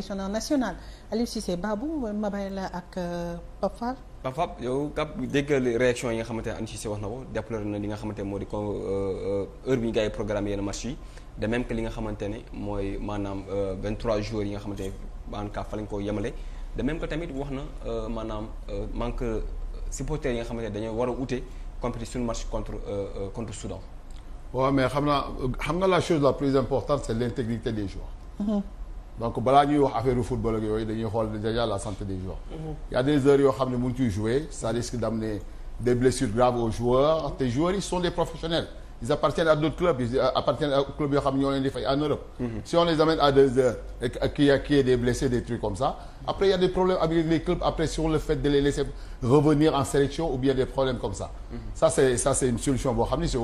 sélectionneur national Aliou Cissé Babou ma bàyyi la ak euh, Pape Fall. yow Pape dégg réaction yi nga xamante ne Aliou Cissé wax na ko déploré na li nga xamante ne moo di con euh, euh, heure bi ñu gars yi programme yenn li nga xamante ne mooy maanaam 23 jours yi nga xamante ne en fa lañ ko yemale de même ko tamit wax na maanaam manque supporters yi nga xamante ne dañoo war a ute compétition match contre contre Soudan. waaw mais xam naa xam nga la chose la plus importante c'est l'intégrité des joueurs. Mm-hmm. donc balaa ñuy wax affaire football ak yooyu dañuy xool déjà la santé des joueurs. Mhm. y a des heures yoo xam ne mu ngi ciy jouer ça risque d'amener des blessures graves aux joueurs te joueurs yi sont des professionnels ils appartiennent à d'autres clubs ils appartiennent à clubs yoo xam ne ñoo en Europe. Mhm. si on les amène y a qu'il y ait des blessés des trucs comme ça après il y a des problèmes après sur le fait de les revenir en sélection ou bien des problèmes comme ça. Mhm. ça c'est ça c'est une solution boo xam ne c'est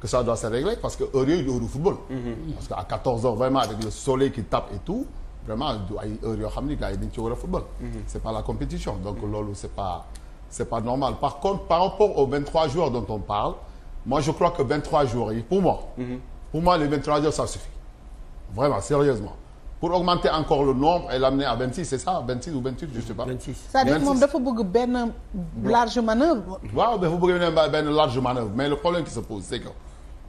que parce que heure yooyu du football. Mm-hmm. parce que à 14 heures vraiment avec le soleil qui et tout vraiment du ay heure yoo xam ni gars a football. Mm-hmm. c'est pas la compétition donc mm-hmm. loolu c'est pas c'est pas normal par contre par rapport aux 23 jours dont on parle moi je crois que 23 jours yi pour pour moi les 23 jours ça suffit vraiment sérieusement pour augmenter encore le nombre et l'amener à 26 c'est ça 26 ou 28 je sais pas. 26 cest c'est que.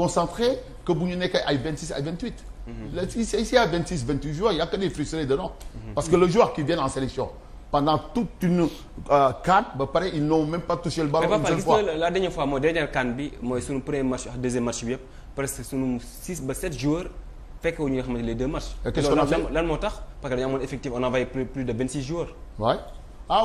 concentrés que bu ñu nekkee ay 26 ay 28. Mhm. là ici il a 26 28 joueurs il y a que des frustrés dedans. parce que le joueur qui vient en sélection. pendant toute une euh, CAN ba pare ils n'ont même pas touché le ballon la dernière fois mooy dernière CAN bi mooy suñu premier match ak deuxième match bi yëpp presque suñu six ba sept joueurs fekke wu ñu nga xamante les deux matchs. lan moo tax parce que dañu amoon effectif plus de vingt six joueurs. Ah